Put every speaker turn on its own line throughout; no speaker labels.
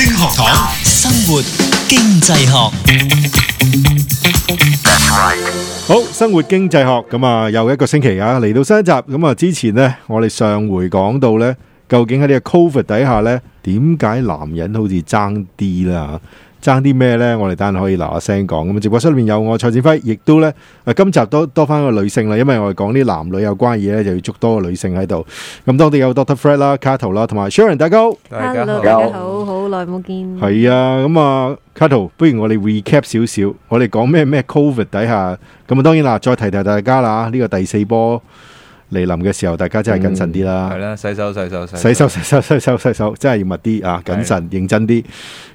星生活經濟學。好，生活經濟學咁啊，又一個星期啊，嚟到新一集咁啊。之前呢，我哋上回講到呢。究竟喺呢個 Covid 底下呢？點解男人好似爭啲啦？爭啲咩呢？我哋等陣可以嗱一聲講咁，直播室裏面有我蔡展輝，亦都呢啊！今集都多翻個女性啦，因為我哋講啲男女有關嘢呢，就要捉多個女性喺度。咁當地有 Doctor Fred 啦、Cato 啦，同埋 Sharon 大家 Da Go。大家好，好耐冇見。係啊，咁啊，Cato，不如我哋 recap 少，少少，我哋講咩咩 Covid 底下咁啊？當然啦，再提提大家啦，呢、呢個第四波。來臨嘅時候，大家真係謹慎啲啦。係啦，
洗手、洗手、洗
手、洗手、洗手、洗手，真係要密啲啊！謹慎、認真啲。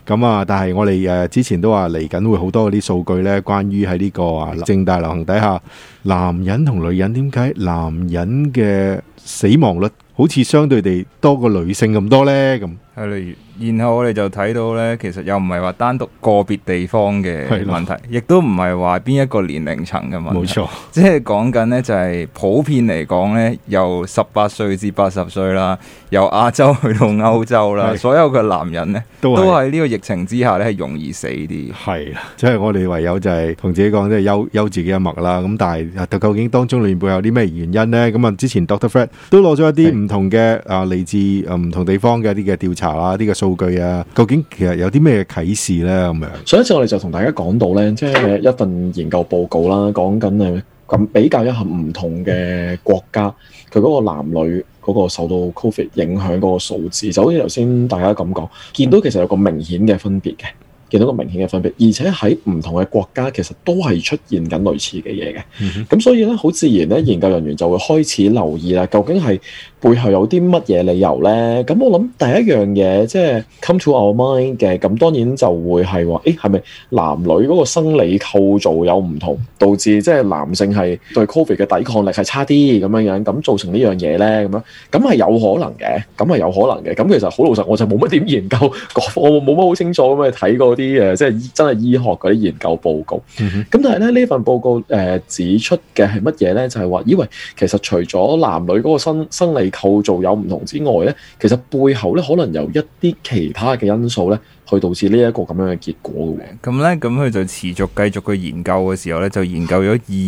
咁啊，但係我哋誒之前都話嚟緊會好多啲數據咧，關於喺呢個正大流行底下，男人同女人點解男人嘅死亡率好似相對地多過女性咁多咧？
咁，例如。然後我哋就睇到呢，其實又唔係話單獨個別地方嘅問題，亦都唔係話邊一個年齡層嘅問題。冇沒錯即，即係講緊呢，就 係聲普遍嚟講呢，由十八歲至八十歲啦，由亞洲去到歐洲啦，對所有嘅男人呢，都是都喺呢個疫情之下呢，係容易死啲。係
即係我哋唯有就係同自己講即係休休自己一脈啦。咁但係究竟當中裏面會有啲咩原因呢？咁對 啊，之前 Doctor Fred 都攞咗一啲唔同嘅啊嚟自唔同地方嘅一啲嘅調查啊，啲嘅數據啊，究竟其實有啲咩啟示呢？咁樣，上一次我哋就同大家講到呢，即係一份研究報告啦，講緊係咁比較一下唔同嘅
國家，佢嗰個男女嗰個受到 Covid 影響嗰個數字，就好似頭先大家咁講，見到其實有個明顯嘅分別嘅。見到個明顯嘅分別，而且喺唔同嘅國家，其實都係出現緊類似嘅嘢嘅。咁所以咧，好自然咧，研究人員就會開始留意啦。究竟係背後有啲乜嘢理由咧？咁我諗第一樣嘢，即係 come to our mind 嘅。咁當然就會係話，誒，係咪男女嗰個生理構造有唔同，導致即係男性係對 Covid 嘅抵抗力係差啲咁樣樣，咁造成呢樣嘢咧？咁樣咁係有可能嘅，咁係有可能嘅。咁其實好老實我，我就冇乜點研究我冇乜好清楚咁去睇過啲。啲即係真係醫學嗰啲研究報告，咁但係咧，呢份報告誒、呃、指出嘅係乜嘢咧？就係、是、話，以為其實除咗男女嗰個生生理構造有唔同之外咧，其實背後咧可能
有一啲其他嘅因素咧。去導致呢一個咁樣嘅結果嘅，咁呢、嗯，咁佢就持續繼續去研究嘅時候呢，就研究咗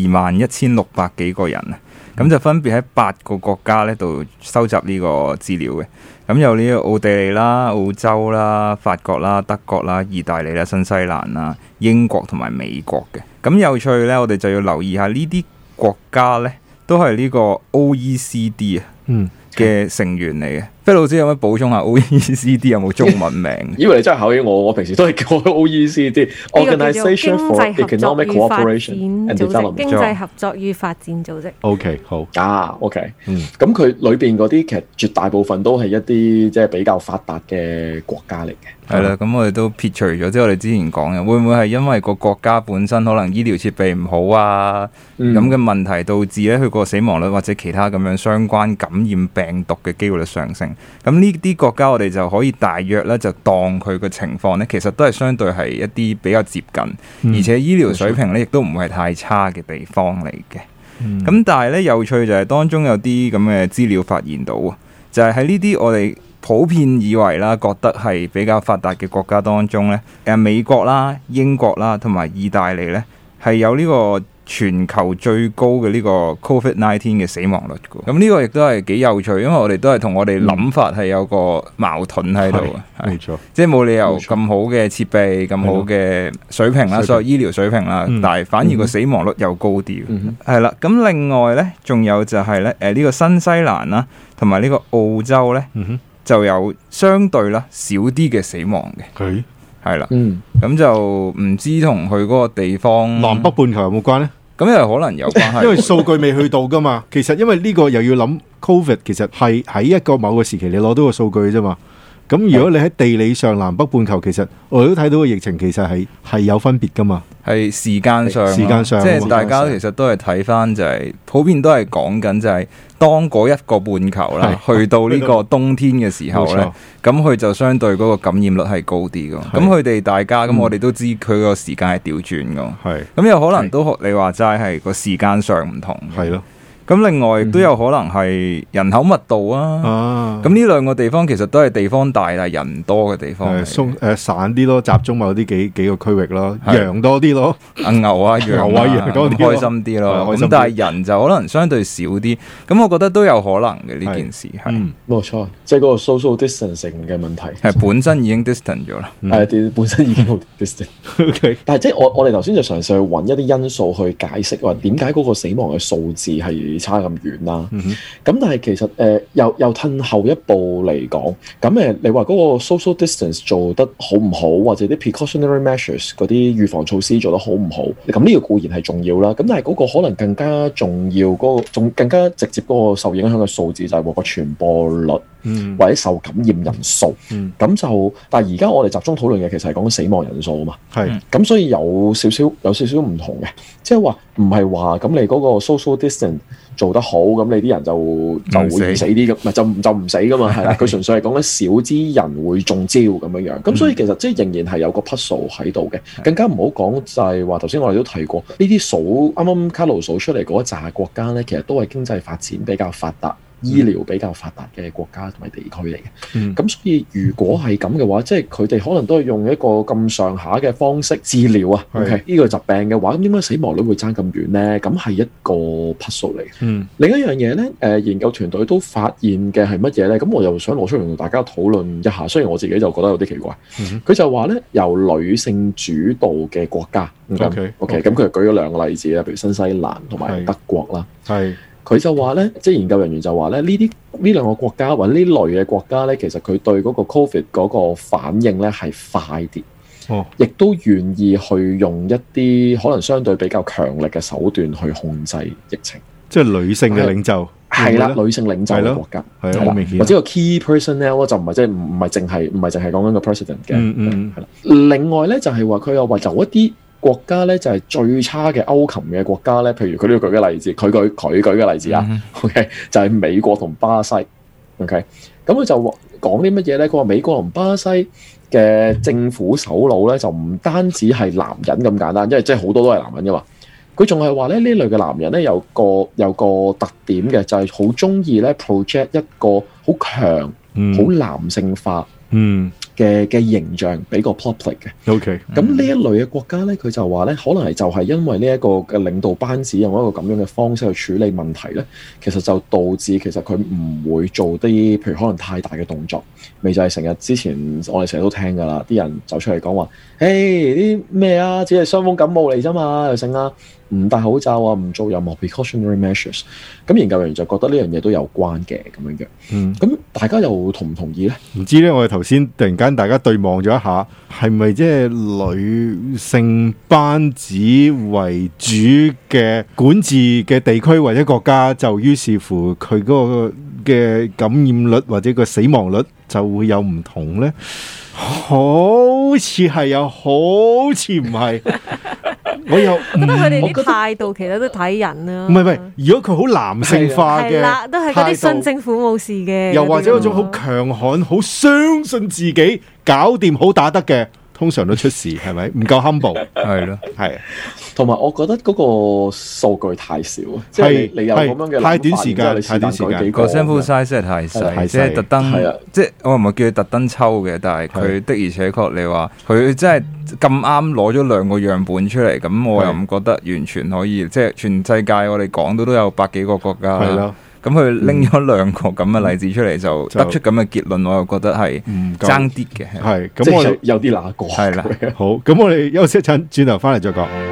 二萬一千六百幾個人啊，咁就分別喺八個國家呢度收集呢個資料嘅，咁有呢個奧地利啦、澳洲啦、法國啦、德國啦、意大利啦、新西蘭啦、英國同埋美國嘅，咁有趣呢，我哋就要留意下呢啲國家呢，都係呢個 OECD 啊，嘅成員嚟嘅。嗯嗯菲老師有乜補充啊？O E C D 有冇中文名？
以為你真係考起我。我平時都係叫
O E C D Organization for Economic Cooperation and Development，經濟合作與發展組織。
O K，好。啊，O K，嗯。咁佢裏邊嗰啲其實絕大部分都係一啲即係比較發
達嘅國家嚟嘅。係啦，咁我哋都撇除咗，即係我哋之前講嘅，會唔會係因為個國家本身可能醫療設備唔好啊，咁嘅、嗯、問題導致咧佢個死亡率或者其他咁樣相關感染病毒嘅機會率上升？咁呢啲國家我哋就可以大約咧就當佢個情況呢，其實都係相對係一啲比較接近，嗯、而且醫療水平呢、嗯、亦都唔係太差嘅地方嚟嘅。咁、嗯、但係呢，有趣就係當中有啲咁嘅資料發現到，就係喺呢啲我哋。普遍以為啦，覺得係比較發達嘅國家當中咧，誒、啊、美國啦、英國啦同埋意大利咧，係有呢個全球最高嘅呢個 COVID-19 嘅死亡率嘅。咁呢個亦都係幾有趣，因為我哋都係同我哋諗法係有個矛盾喺度， 即係冇理由咁錯好嘅設備、咁好嘅水平啦，嗯、哼所有醫療水平啦，嗯、哼但係反而個死亡率又高啲。係啦、嗯哼，咁另外咧，仲有就係、是、咧，誒、uh, 呢個新西蘭啦，同埋呢個澳洲咧。嗯哼嗯就有相對啦少啲嘅死亡嘅，係啦，嗯，咁就唔知同佢嗰個地方南北半球有冇關呢？咁又可能有關係， 因為數據未去到噶嘛。
其實因為呢個又要諗 COVID，其實係喺一個某個時期你攞到個數據啫嘛。咁如果你喺地理上南北半球，其實我都睇到個疫情其實係係有分別噶嘛，
係時間上，時間上，即係大家其實都係睇返就係、是、普遍都係講緊就係、是、當嗰一個半球啦，是去到呢個冬天嘅時候咧，咁佢就相對嗰個感染率係高啲嘅。咁佢哋大家咁的我哋都知佢個時間係調轉嘅，係咁有可能都學你話齋係個時間上唔同係咯。咁另外亦都有可能係人口密度啊，咁呢兩個地方其實都係地方大但係人多嘅地方，
鬆、呃、散啲咯，集中某啲幾幾個區域咯，是羊多
啲咯，牛啊羊啊，啊羊多啲，開心啲咯。咁但係人就可能相對少啲，咁我覺得都有可能嘅呢件事係，
冇錯，即係嗰個 social distancing 嘅
問題係本身已經 distance 咗啦，本身已經好 distance，但係即係我
我哋頭先就嘗試去搵一啲因素去解釋話點解嗰個死亡嘅數字係差咁遠啦，咁、嗯、但係其實誒、呃、又又褪後一步嚟講，咁誒、呃、你話嗰個 social distance 做得好唔好，或者啲 precautionary measures 嗰啲預防措施做得好唔好？咁呢個固然係重要啦，咁但係嗰個可能更加重要嗰、嗰個仲更加直接嗰個受影響嘅數字就係個傳播率，嗯、或者受感染人數。咁、嗯、就但係而家我哋集中討論嘅其實係講死亡人數啊嘛，係咁是所以有少少有少少唔同嘅，即係話。唔係話咁你嗰個 social distance 做得好，咁你啲人就就會死啲咁，唔係 就就唔死噶嘛，係啦。佢 純粹係講緊少啲人會中招咁樣樣。咁所以其實即係仍然係有個 puzzle 喺度嘅，更加唔好講就係話頭先我哋都提過呢啲數，啱啱卡路數出嚟嗰一紮國家咧，其實都係經濟發展比較發達。醫療比較發達嘅國家同埋地區嚟嘅，咁所以如果係咁嘅話，即係佢哋可能都係用一個咁上下嘅方式治療啊。OK，呢個疾病嘅話，點解死亡率會爭咁遠呢？咁係一個 point 嚟。嗯，另一樣嘢呢，誒研究團隊都發現嘅係乜嘢呢？咁我又想攞出嚟同大家討論一下。雖然我自己就覺得有啲奇怪。佢就話呢，由女性主導嘅國家 OK，OK，咁佢就舉咗兩個例子啊，譬如新西蘭同埋德國啦，係。佢就話咧，即係研究人員就話咧，呢啲呢兩個國家或者呢類嘅國家咧，其實佢對嗰個 COVID 嗰個反應咧係快啲，哦，亦都願意去用一啲可能相對比較強力嘅手段去控制疫情。即係女性嘅領袖，係啦對，女性領袖嘅國家，好明顯，或者個 key personnel 就唔係即係唔係淨係唔係淨係講緊個 president 嘅，就是、是是 president，嗯嗯，係啦。另外咧就係話佢又話就一啲。國家咧就係、是、最差嘅歐琴嘅國家咧，譬如佢呢度舉嘅例子，佢舉佢舉嘅例子啊、mm hmm.，OK 就係美國同巴西，OK 咁佢就講啲乜嘢咧？佢話美國同巴西嘅政府首腦咧就唔單止係男人咁簡單，因為即係好多都係男人啫嘛。佢仲係話咧呢類嘅男人咧有個有個特點嘅，就係好中意咧 project 一個好強、好、mm hmm. 男性化，嗯、mm。Hmm. 嘅嘅形象俾個 public 嘅，OK，咁、mm、呢、hmm，一類嘅國家呢，佢就話呢，可能係就係因為呢一個嘅領導班子用一個咁樣嘅方式去處理問題呢，其實就導致其實佢唔會做啲譬如可能太大嘅動作，咪就係成日之前我哋成日都聽噶啦，啲人走出嚟講話，誒啲咩啊，只係傷風感冒嚟啫嘛，又剩啦。唔戴口罩啊，唔做任何 precautionary measures，咁研究人員就覺得呢樣嘢都有關嘅咁樣嘅。嗯，
咁大家又同唔同意呢？唔知呢，我哋頭先突然間大家對望咗一下，係咪即係女性班子為主嘅管治嘅地區或者國家，就於是乎佢嗰個嘅感染率或者個死亡率就會有唔同呢？好似係有，好似唔係。 我又 覺得佢哋
啲態度其實都睇人啊。唔
係唔係，如果佢好男性化嘅，啦、啊，度都係嗰啲新政府冇事嘅。又或者嗰種好強悍、好、嗯、相信自己搞、搞掂、好打得嘅。通常都出事，係咪唔夠 humble？係咯，係。同埋，我覺得嗰個數據太少，即係你，是的 你有咁樣嘅太短
時間，太短時間。個 sample size 係太細，太太即係特登，的即係我唔係叫佢特登抽嘅，但係佢的而且確你話佢真係咁啱攞咗兩個樣本出嚟，咁我又唔覺得完全可以，的的即係全世界我哋講到都有百幾個國家。的咁佢拎咗兩個咁嘅例子出嚟，就，就得出咁嘅結論，我又覺得係爭啲
嘅。係，咁我哋有啲難過。係啦的， 好，咁我哋休息一陣，轉頭翻嚟再講。